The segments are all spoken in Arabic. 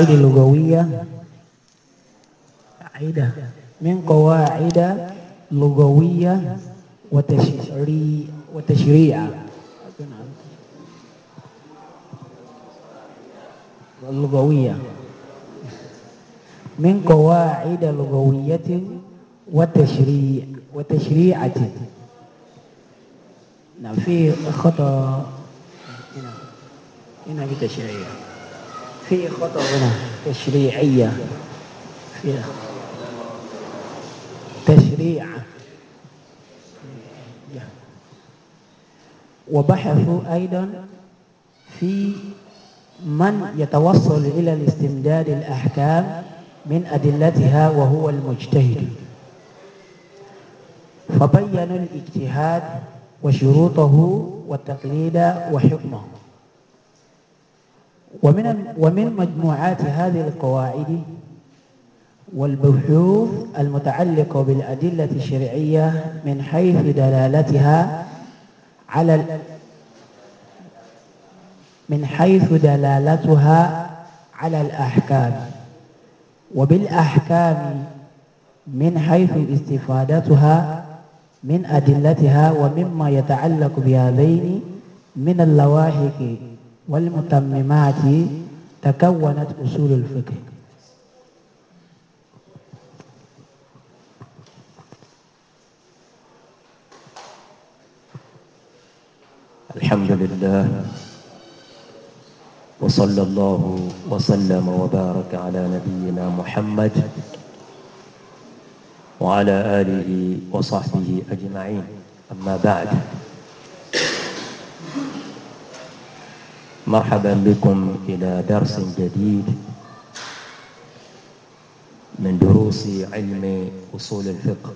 القواعد اللغوية عيدة من قواعد لغوية وتشريع وتشريع اللغوية من قواعد لغوية وتشريع وتشريعة نعم في خطأ هنا هنا تشريع في خطأ هنا تشريعية تشريع وبحثوا أيضا في من يتوصل إلى الاستمداد الأحكام من أدلتها وهو المجتهد فبينوا الاجتهاد وشروطه والتقليد وحكمه ومن ومن مجموعات هذه القواعد والبحوث المتعلقة بالأدلة الشرعية من حيث دلالتها على من حيث دلالتها على الأحكام وبالأحكام من حيث استفادتها من أدلتها ومما يتعلق بهذين من اللواحق والمتممات تكونت أصول الفقه الحمد لله وصلى الله وسلم وبارك على نبينا محمد وعلى آله وصحبه أجمعين أما بعد مرحبا بكم إلى درس جديد من دروس علم أصول الفقه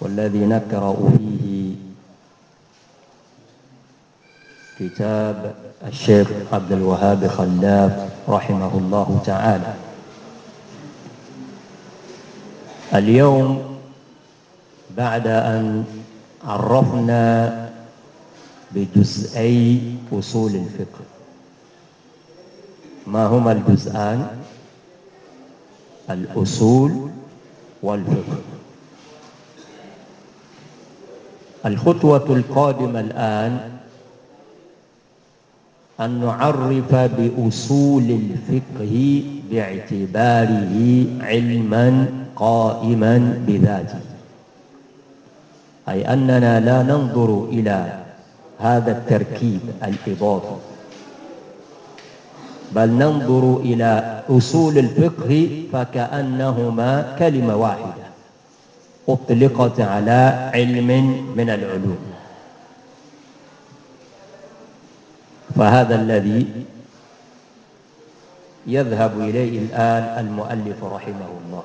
والذي نقرأ فيه كتاب الشيخ عبد الوهاب خلاف رحمه الله تعالى اليوم بعد أن عرفنا بجزئي أصول الفقه ما هما الجزئان الأصول والفقه الخطوة القادمة الآن أن نعرف بأصول الفقه باعتباره علما قائما بذاته أي أننا لا ننظر إلى هذا التركيب الإضافي بل ننظر إلى أصول الفقه فكأنهما كلمة واحدة أطلقت على علم من العلوم فهذا الذي يذهب إليه الآن المؤلف رحمه الله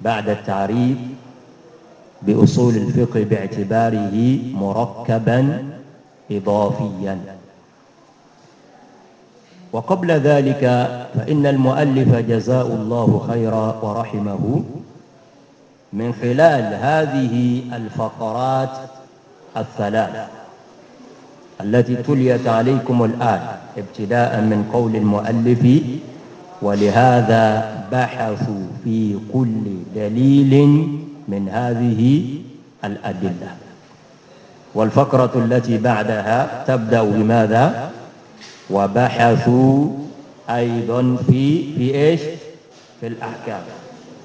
بعد التعريف بأصول الفقه باعتباره مركبا إضافيا وقبل ذلك فإن المؤلف جزاء الله خيرا ورحمه من خلال هذه الفقرات الثلاث التي تليت عليكم الآن ابتداء من قول المؤلف ولهذا بحثوا في كل دليل من هذه الأدلة والفقرة التي بعدها تبدأ بماذا وبحثوا أيضا في في إيش في الأحكام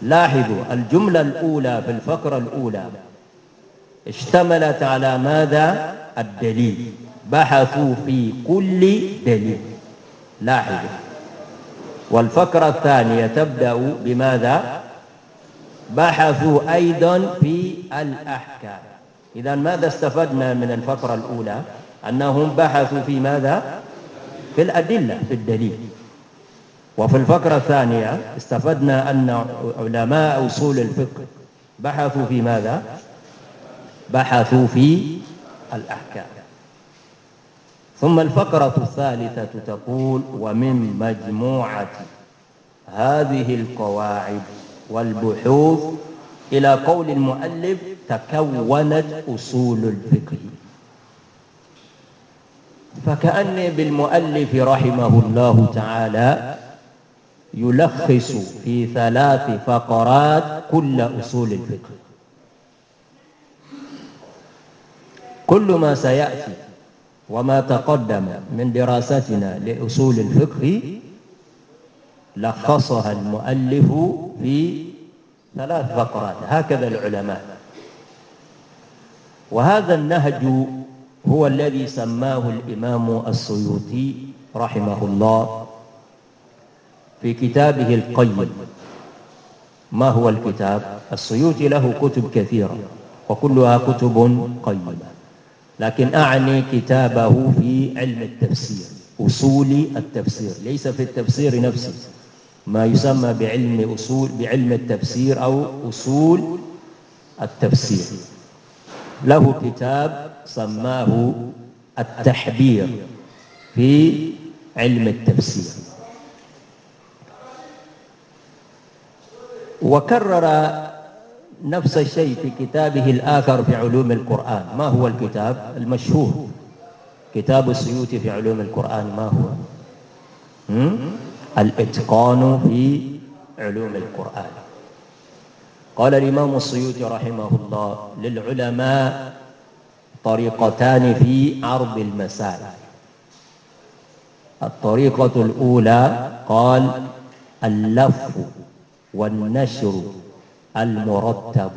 لاحظوا الجملة الأولى في الفقرة الأولى اشتملت على ماذا الدليل بحثوا في كل دليل لاحظوا والفقرة الثانية تبدأ بماذا بحثوا أيضا في الأحكام إذا ماذا استفدنا من الفقرة الأولى أنهم بحثوا في ماذا في الأدلة في الدليل وفي الفقرة الثانية استفدنا أن علماء أصول الفقه بحثوا في ماذا بحثوا في الأحكام ثم الفقرة الثالثة تقول ومن مجموعة هذه القواعد والبحوث إلى قول المؤلف تكونت أصول الفقه فكأني بالمؤلف رحمه الله تعالى يلخص في ثلاث فقرات كل أصول الفقه كل ما سيأتي وما تقدم من دراستنا لأصول الفقه لخصها المؤلف في ثلاث فقرات هكذا العلماء وهذا النهج هو الذي سماه الإمام السيوطي رحمه الله في كتابه القيم ما هو الكتاب؟ السيوطي له كتب كثيرة وكلها كتب قيمة لكن أعني كتابه في علم التفسير أصول التفسير ليس في التفسير نفسه ما يسمى بعلم أصول بعلم التفسير أو أصول التفسير له كتاب سماه التحبير في علم التفسير وكرر نفس الشيء في كتابه الآخر في علوم القرآن ما هو الكتاب المشهور كتاب السيوطي في علوم القرآن ما هو؟ الإتقان في علوم القرآن قال الإمام السيوطي رحمه الله للعلماء طريقتان في عرض المسائل الطريقة الأولى قال اللف والنشر المرتب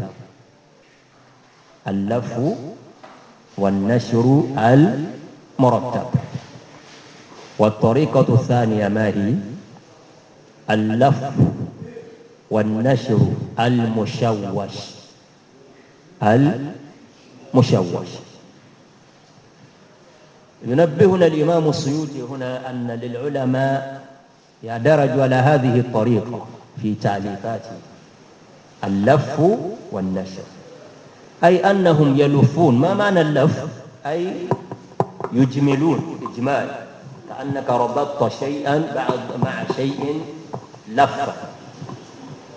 اللف والنشر المرتب والطريقة الثانية ما هي؟ اللف والنشر المشوش المشوش ينبهنا الإمام السيوطي هنا أن للعلماء يا درج على هذه الطريقة في تعليقاته اللف والنشر أي أنهم يلفون ما معنى اللف أي يجملون إجمال كأنك ربطت شيئا بعد مع شيء لفة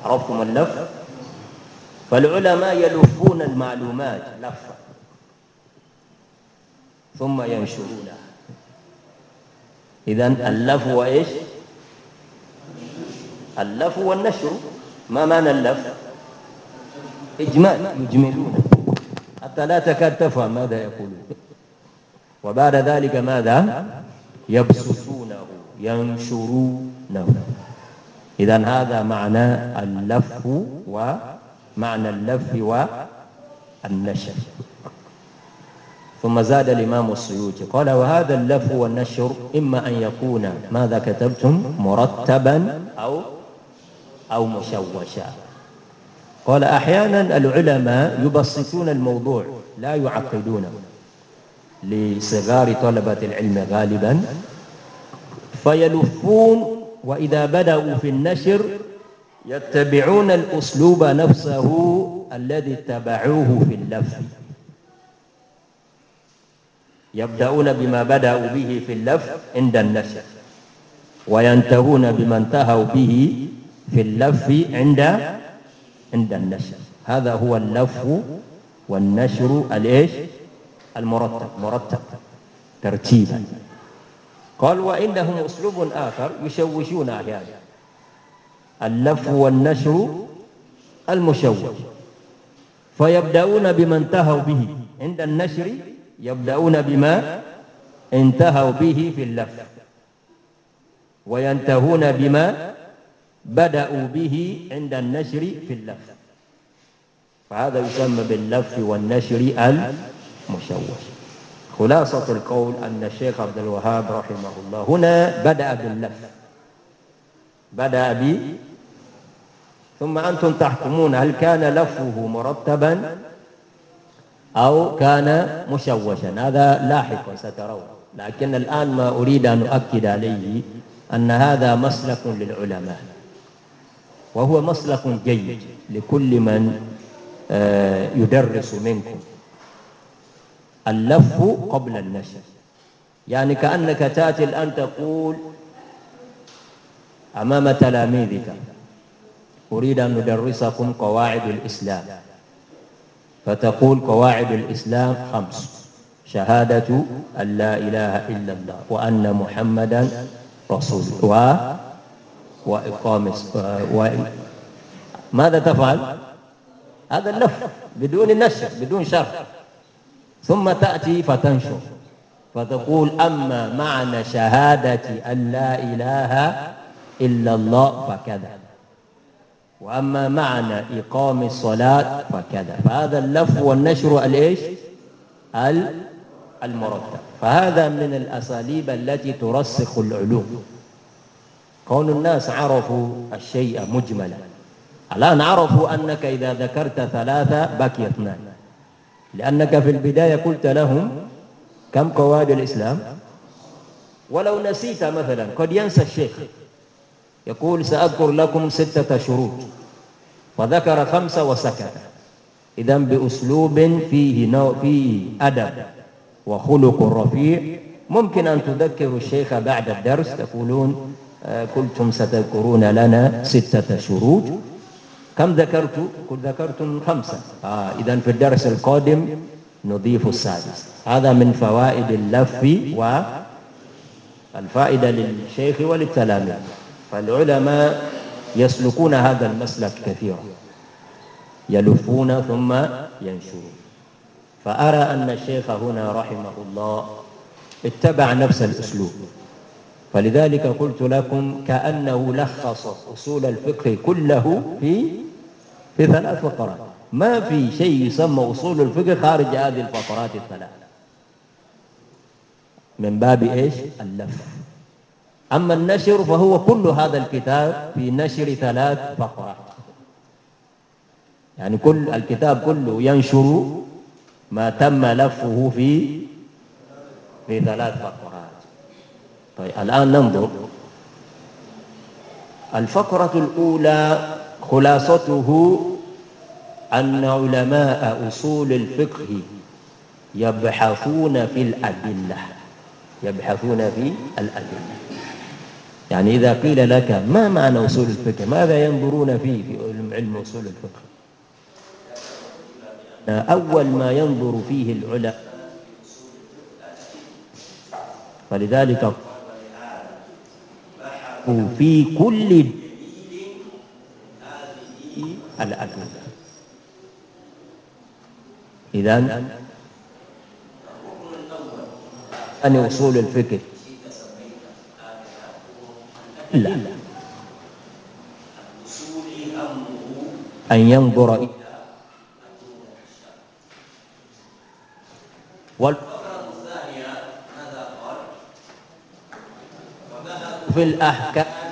عرفتم اللف فالعلماء يلفون المعلومات لفة ثم ينشرونها إذا اللف وإيش اللف والنشر ما معنى اللف إجمال يجملون حتى لا تكاد تفهم ماذا يقولون وبعد ذلك ماذا يبسطونه ينشرونه إذا هذا معنى اللف ومعنى اللف والنشر ثم زاد الإمام السيوطي قال وهذا اللف والنشر إما أن يكون ماذا كتبتم مرتبا أو أو مشوشا قال أحيانا العلماء يبسطون الموضوع لا يعقدونه لصغار طلبة العلم غالبا فيلفون وإذا بدأوا في النشر يتبعون الأسلوب نفسه الذي اتبعوه في اللف يبدأون بما بدأوا به في اللف عند النشر وينتهون بما انتهوا به في اللف عند عند النشر هذا هو اللف والنشر الايش المرتب مرتب ترتيبا قال وإنهم أسلوب آخر يشوشون أحيانا اللف والنشر المشوش فيبدأون بما انتهوا به عند النشر يبدأون بما انتهوا به في اللف وينتهون بما بدأوا به عند النشر في اللف فهذا يسمى باللف والنشر المشوش خلاصة القول أن الشيخ عبد الوهاب رحمه الله هنا بدأ باللف بدأ ب ثم أنتم تحكمون هل كان لفه مرتبا أو كان مشوشا هذا لاحقا سترون لكن الآن ما أريد أن أؤكد عليه أن هذا مسلك للعلماء وهو مسلك جيد لكل من آه، يدرس منكم اللف قبل النشر يعني كأنك تأتي الآن تقول أمام تلاميذك أريد أن ندرسكم قواعد الإسلام فتقول قواعد الإسلام خمس شهادة أن لا إله إلا الله وأن محمدا رسول و وإقام و... ماذا تفعل؟ هذا اللف بدون نشر بدون شرح ثم تأتي فتنشر فتقول أما معنى شهادة أن لا إله إلا الله فكذا وأما معنى إقام الصلاة فكذا فهذا اللف والنشر الإيش المرتب فهذا من الأساليب التي ترسخ العلوم كون الناس عرفوا الشيء مجملا الآن عرفوا أنك إذا ذكرت ثلاثة بكي اثنان لأنك في البداية قلت لهم كم قواعد الإسلام ولو نسيت مثلا قد ينسى الشيخ يقول سأذكر لكم ستة شروط فذكر خمسة وسكت إذا بأسلوب فيه نوع فيه أدب وخلق رفيع ممكن أن تذكروا الشيخ بعد الدرس تقولون قلتم آه، ستذكرون لنا ستة شروط كم ذكرت؟ قل ذكرت خمسة آه إذا في الدرس القادم نضيف السادس هذا من فوائد اللف والفائدة للشيخ وللتلاميذ فالعلماء يسلكون هذا المسلك كثيرا يلفون ثم ينشرون فأرى أن الشيخ هنا رحمه الله اتبع نفس الأسلوب فلذلك قلت لكم كأنه لخص أصول الفقه كله في في ثلاث فقرات ما في شيء يسمى أصول الفقه خارج هذه الفقرات الثلاث من باب إيش اللف أما النشر فهو كل هذا الكتاب في نشر ثلاث فقرات يعني كل الكتاب كله ينشر ما تم لفه في في ثلاث فقرات طيب الآن ننظر الفقرة الأولى خلاصته أن علماء أصول الفقه يبحثون في الأدلة يبحثون في الأدلة يعني إذا قيل لك ما معنى أصول الفقه ماذا ينظرون فيه في علم أصول الفقه أول ما ينظر فيه العلماء فلذلك في كل الأدنى إذا أن وصول الفكر لا أن ينظر إلى والفكرة الثانية ماذا قال؟ في الأحكام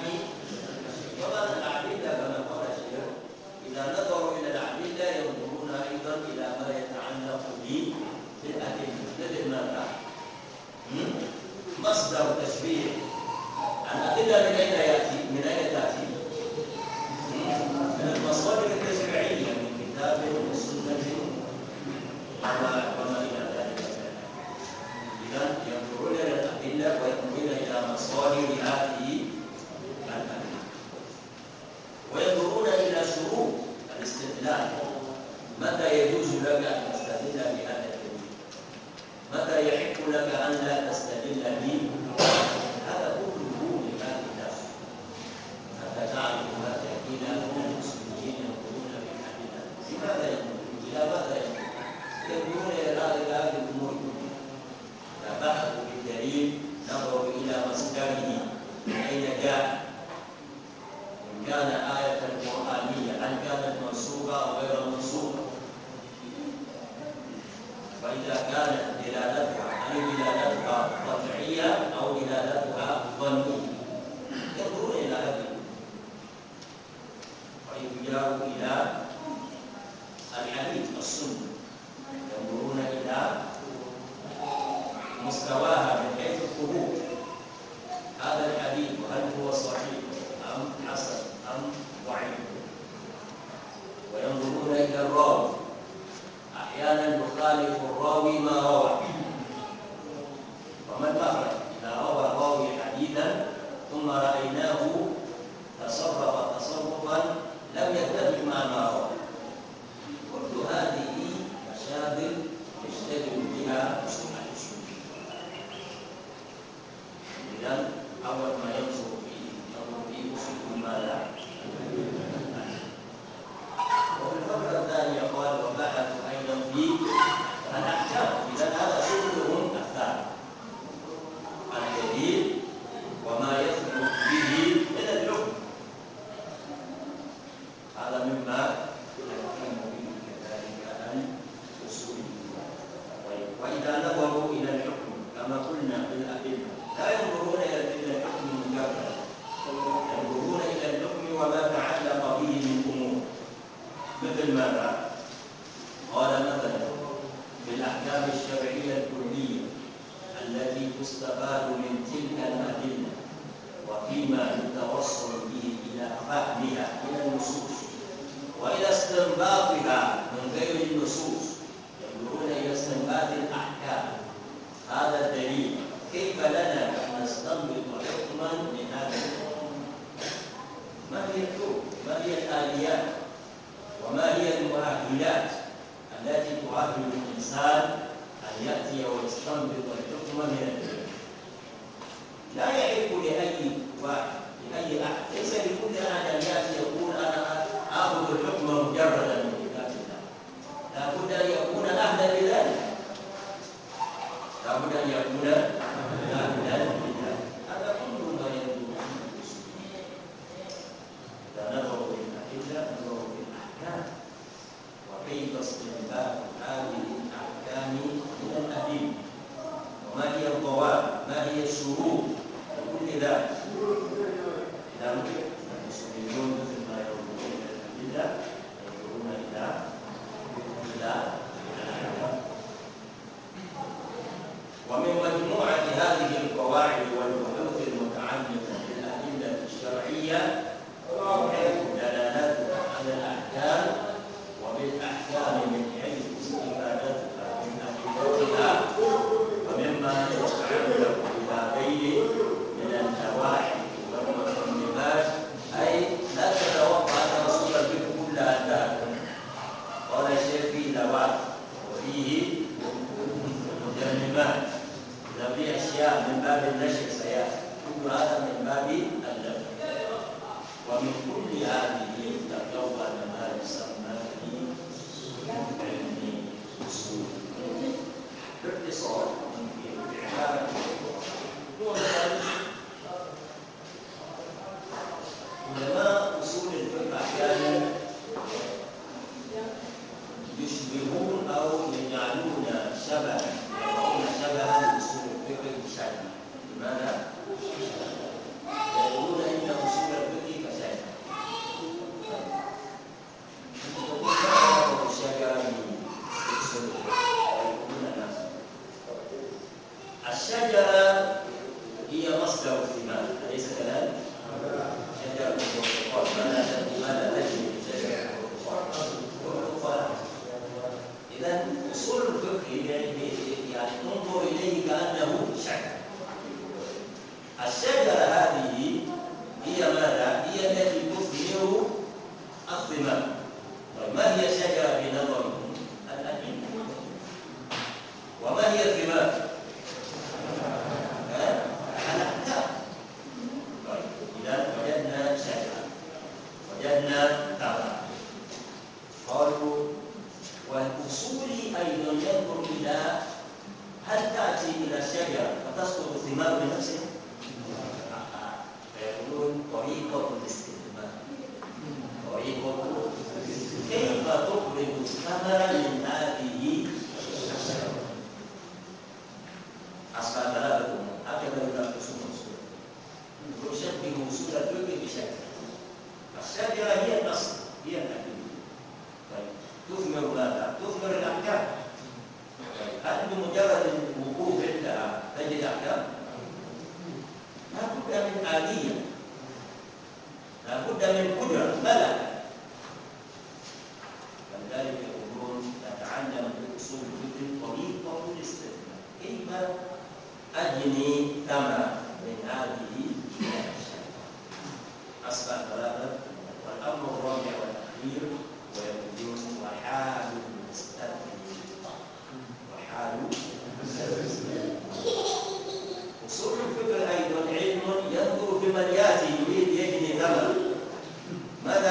من الراحة الشجرة هي مصدر الثمار أليس كذلك؟ شجرة البرتقال من شجرة البرتقال؟ إذا أصول الفقه يعني انظر إليه كأنه شجرة الشجرة هذه هي ماذا؟ هي التي تثمر الثمار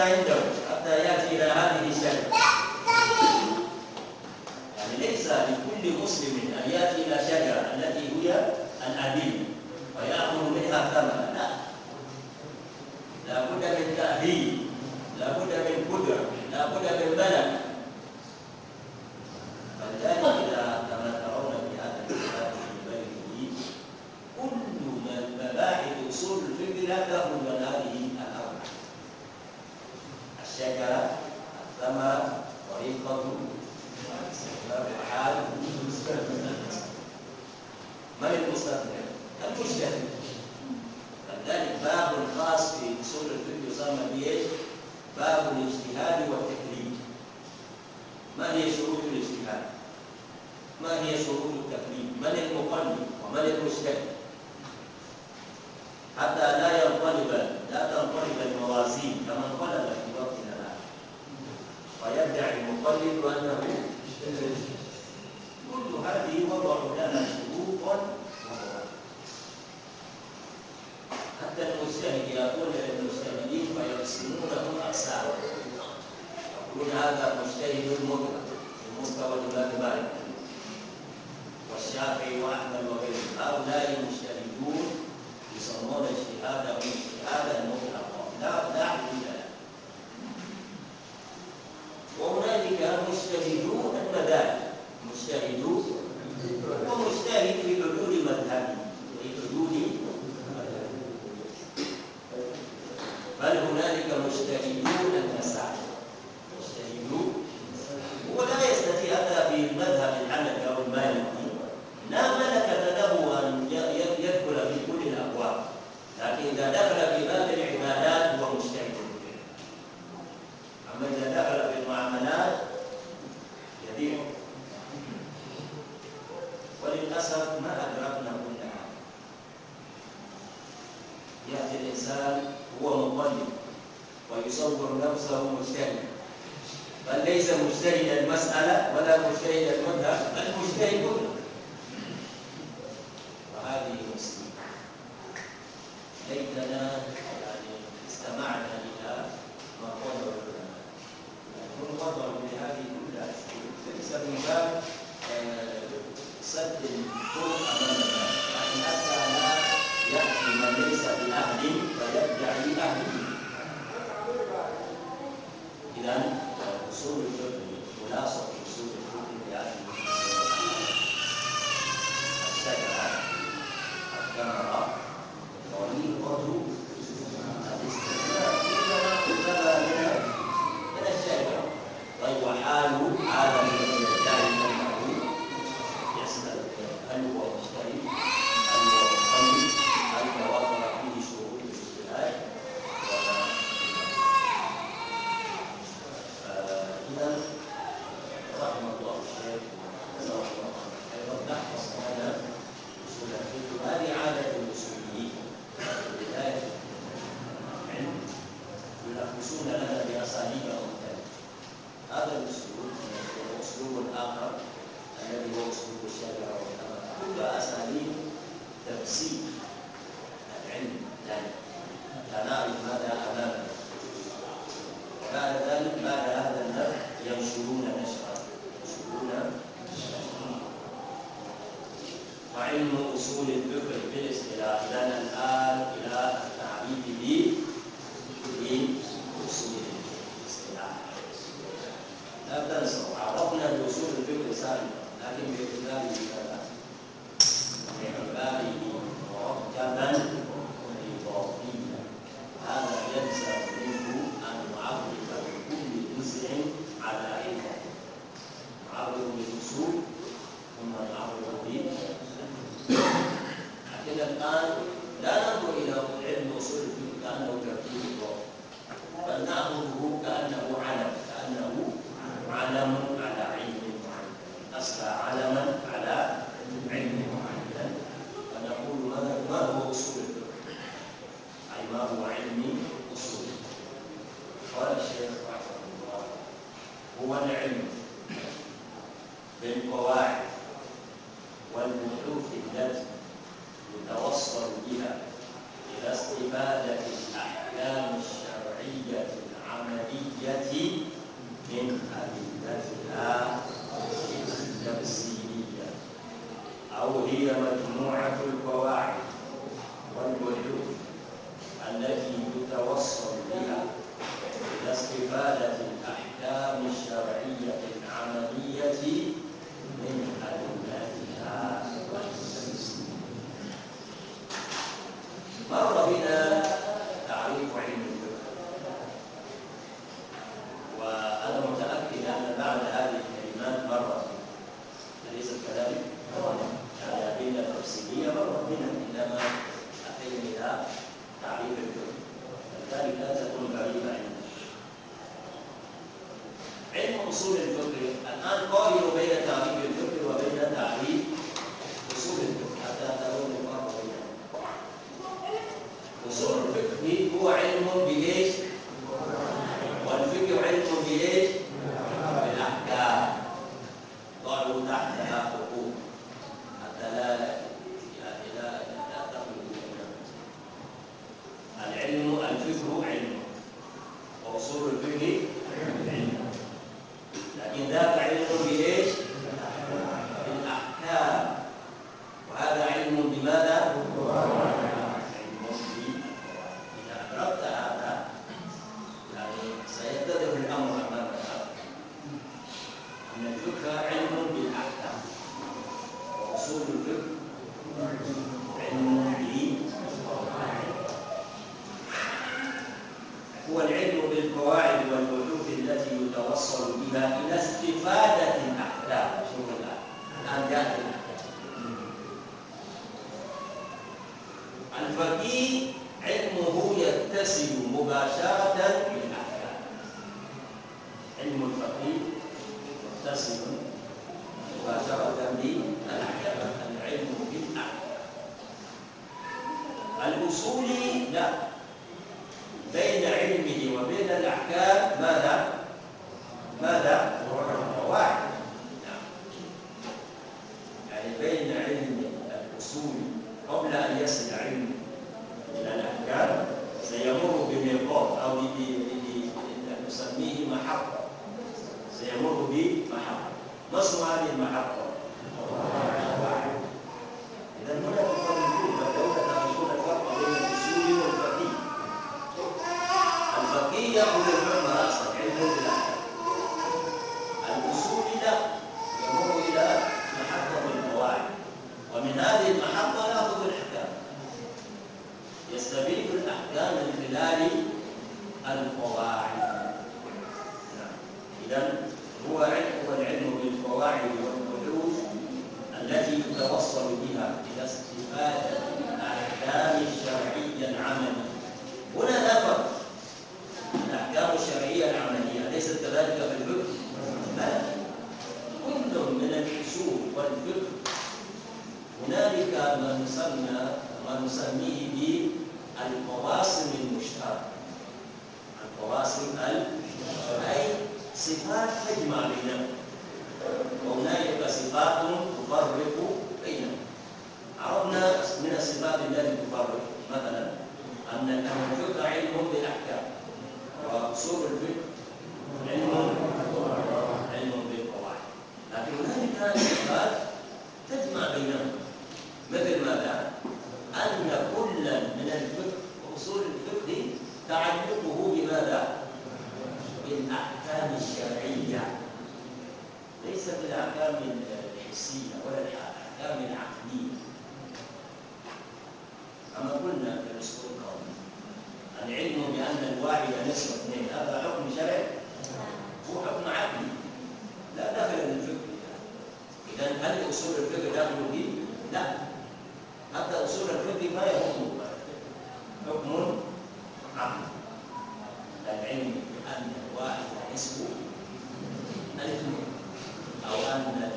Gracias. asali tafsir مر بنا تعريف علم الفقه وأنا متأكد أن بعد هذه الكلمات مرت بنا أليس كذلك؟ يعني أدلة تفصيلية مرت بنا إنما أتينا الى تعريف الفقه فلذلك لا تكون غريبة عندنا علم أصول الفقه الآن قارنوا بين تعريف حتى ليست الاحكام الحسيه ولا الاحكام العقليه كما قلنا في الاسبوع القادم العلم بان الواحد نصف اثنين هذا حكم شرعي هو حكم عقلي لا دخل للفكر اذا هل اصول الفقه داخل به؟ لا حتى اصول الفقه ما يهم حكم عقلي العلم بان الواحد نصف momento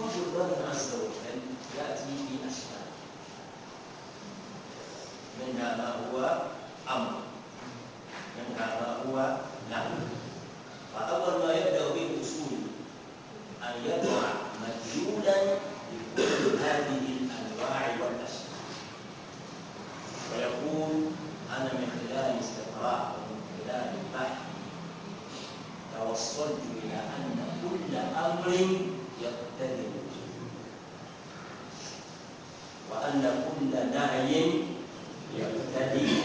وجود الله عز وجل يأتي في اشكال منها ما هو أمر منها ما هو نعم فأول ما يبدأ به الأصول أن يضع مدلولا لكل هذه الأنواع والأشكال ويقول أنا من خلال استقراء ومن خلال البحث توصلت إلى أن كل أمر يقتضي وأن كل داعي يقتضي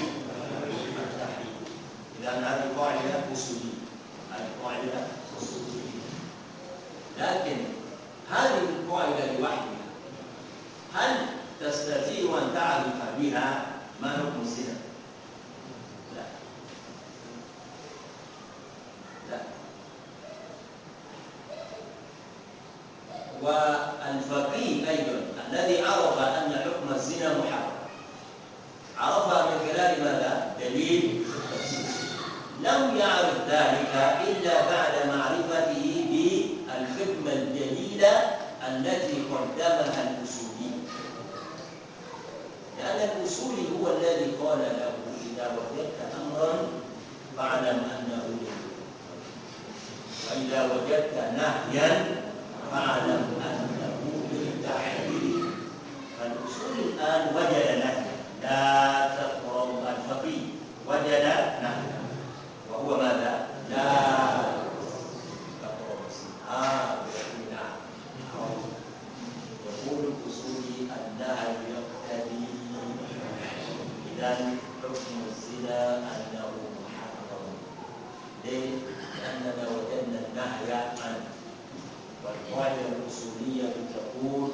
حكم الزنا أنه محرم لأننا وجدنا النهي عنه والقاعدة الأصولية تقول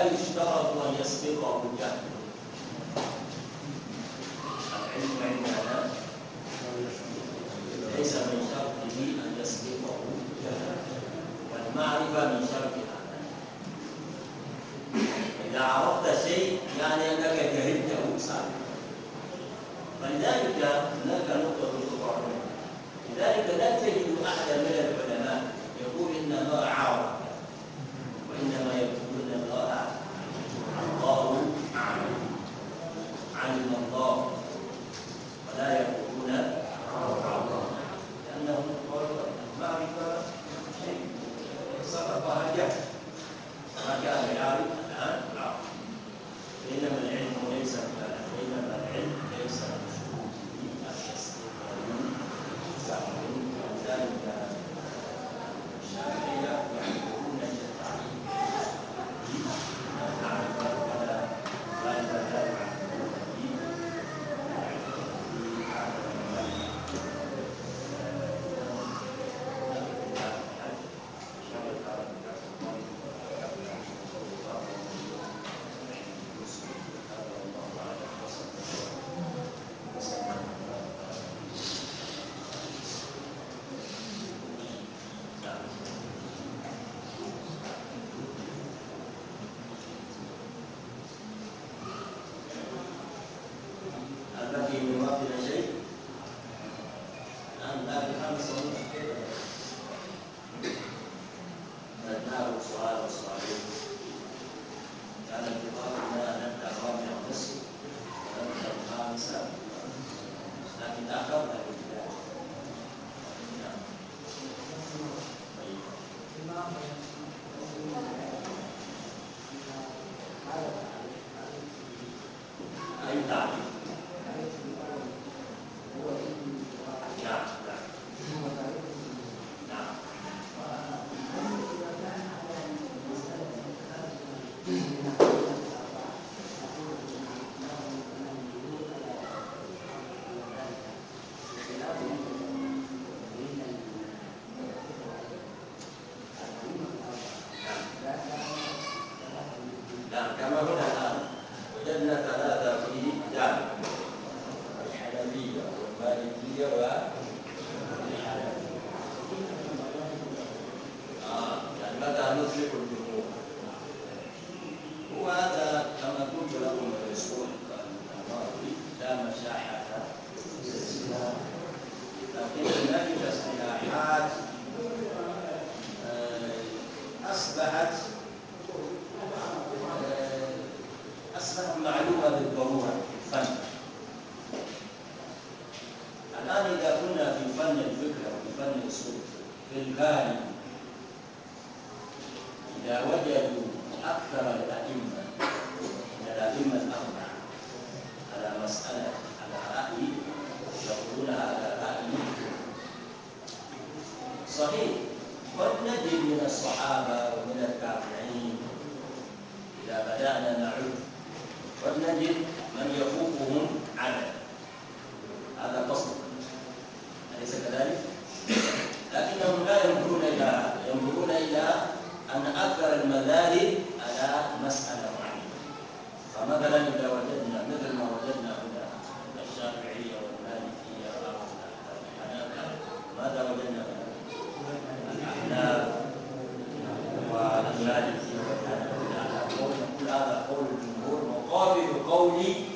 يشترط أن يسبقه الجهل العلم عندنا ليس من شرطه أن يسبقه الجهل والمعرفة من شرطه كذلك؟ لكنهم لا ينظرون إلى هذا، ينظرون إلى أن أكثر المذاهب على مسألة معينه فمثلا إذا وجدنا مثل ما وجدنا هنا الشافعية والمالكية والحنابلة ماذا وجدنا الأحناف والمالكية والحنابلة يعني هذا قول الجمهور مقابل قولي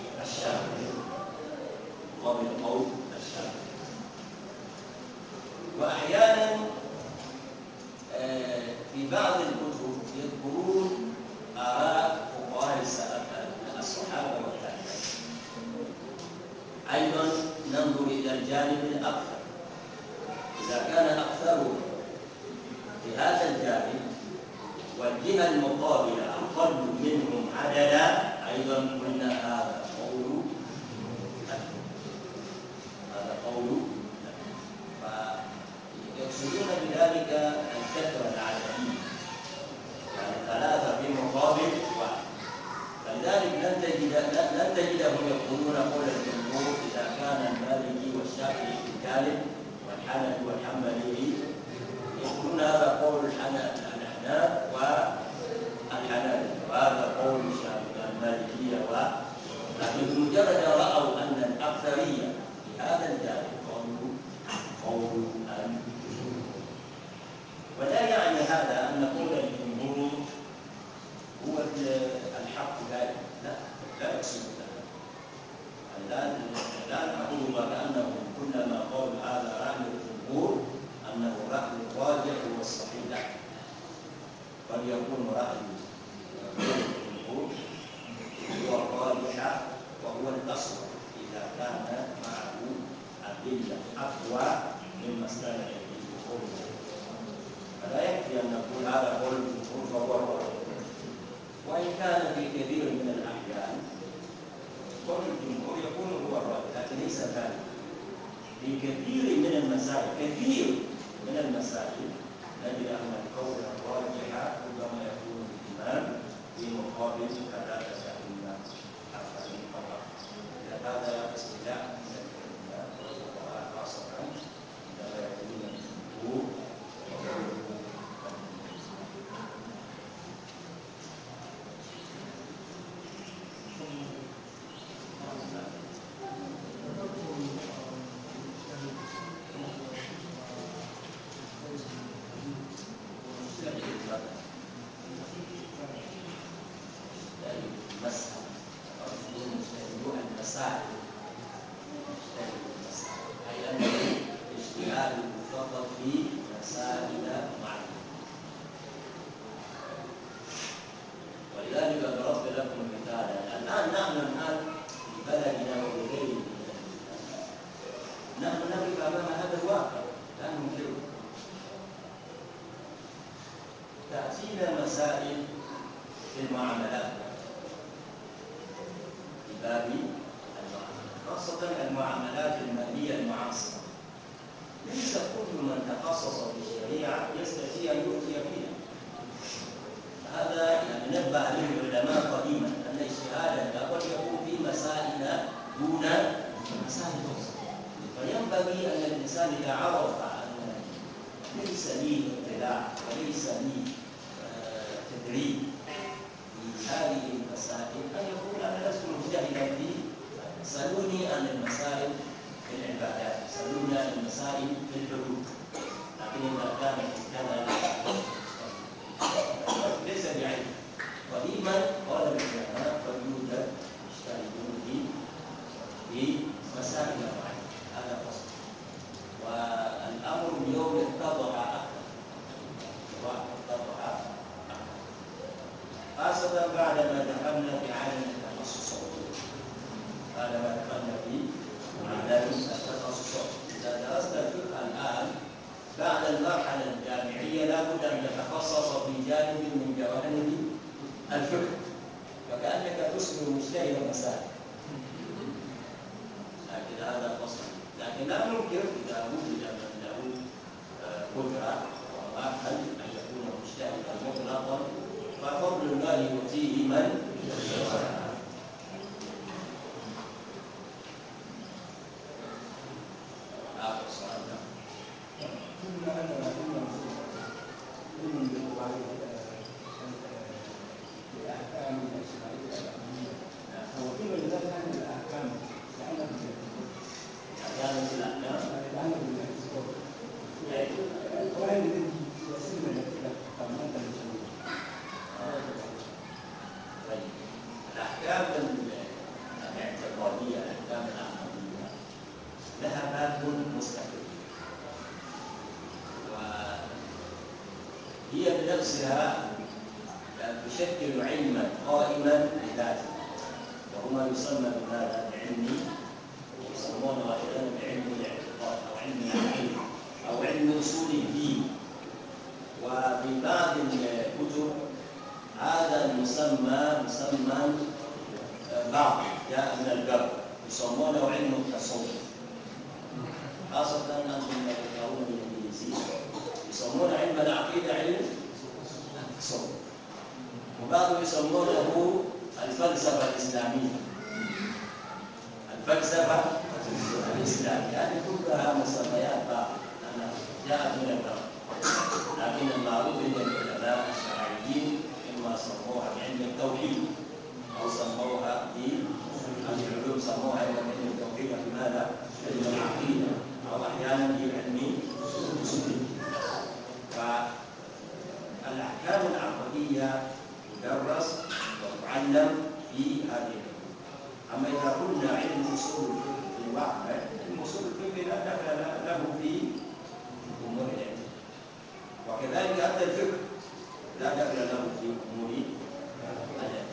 قد يكون رأي الجمهور هو الراجح وهو الأصل إذا كان معه أدلة أقوى مما استند به الجمهور فلا يكفي أن نقول هذا قول الجمهور فهو الراجح وإن كان في كثير من الأحيان قول الجمهور يكون هو الراجح لكن ليس ذلك في كثير من المسائل كثير من المسائل نجد أن ذلك مذهب مستقل وهي بنفسها تشكل علما قائما بذاته وهما يسمى بهذا بعلمي يسمونه ايضا بعلم الاعتقاد او علم العلم او علم اصول الدين وفي بعض الكتب هذا المسمى مسمى آه، بعض جاء من الجبر يسمونه علم التصوف خاصة أنهم لا تقرؤون بالإنجليزية يسمون علم العقيدة علم صوت وبعضهم يسمونه الفلسفة الإسلامية الفلسفة الإسلامية هذه يعني كلها مسميات بعضها جاءت من الغرب لكن المعروف عند العلماء الشرعيين إما سموها بعلم التوحيد أو سموها العلوم سموها علم التوحيد بماذا؟ علم العقيدة وأحيانا بأني مسلم فالأحكام العقدية تدرس وتعلم في هذه الحدود أما إذا قلنا علم أصول الفقه وحده علم أصول الفقه لا دخل له في أمور العلم وكذلك حتى الفقه لا دخل له في أمور العلم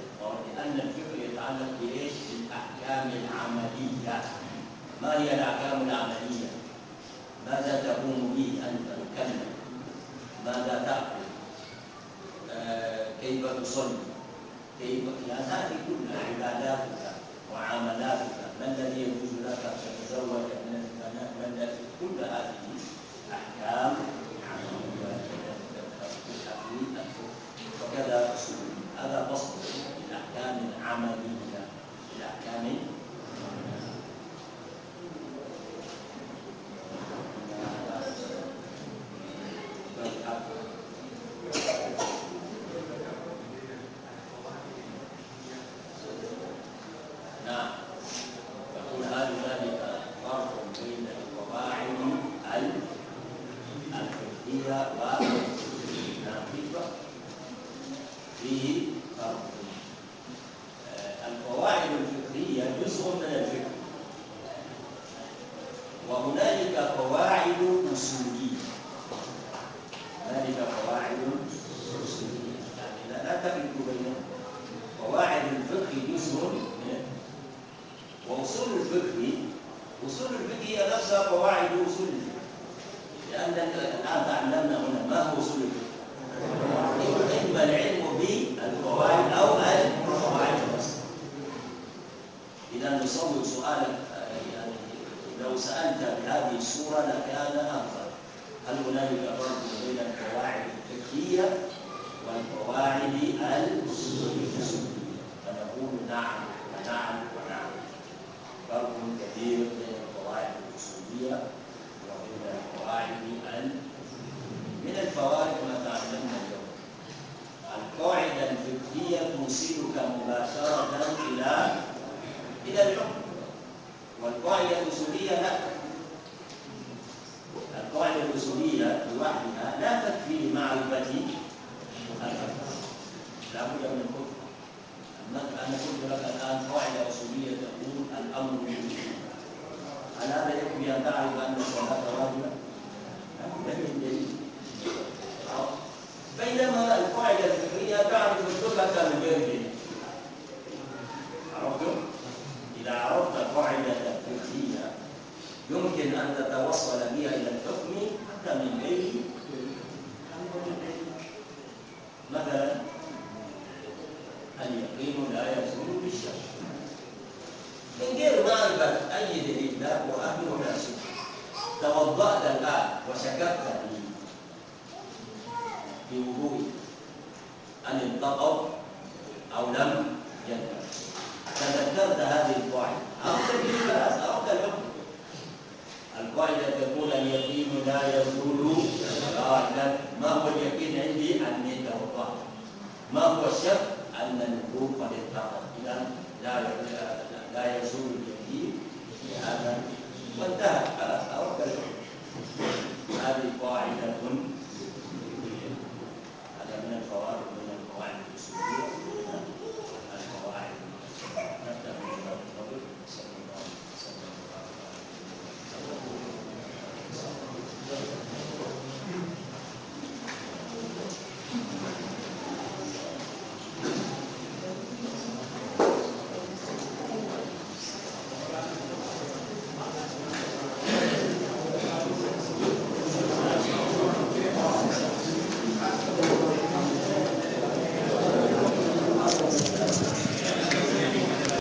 لأن الفقه يتعلق بإيش؟ بالأحكام العملية ما هي الأحكام العملية؟ ماذا تقوم به أنت الكلمة ماذا تأكل آه كيف تصلي كيف يعني هذه كلها عباداتك وعاملاتك ما الذي يجوز لك أن تتزوج من البنات ما الذي كل هذه أحكام لابد من الكفر أن نكون لك الآن قاعدة أصولية تقول الأمر بالمعروف هل هذا يكفي أن تعرف أن الصلاة واجبة؟ لابد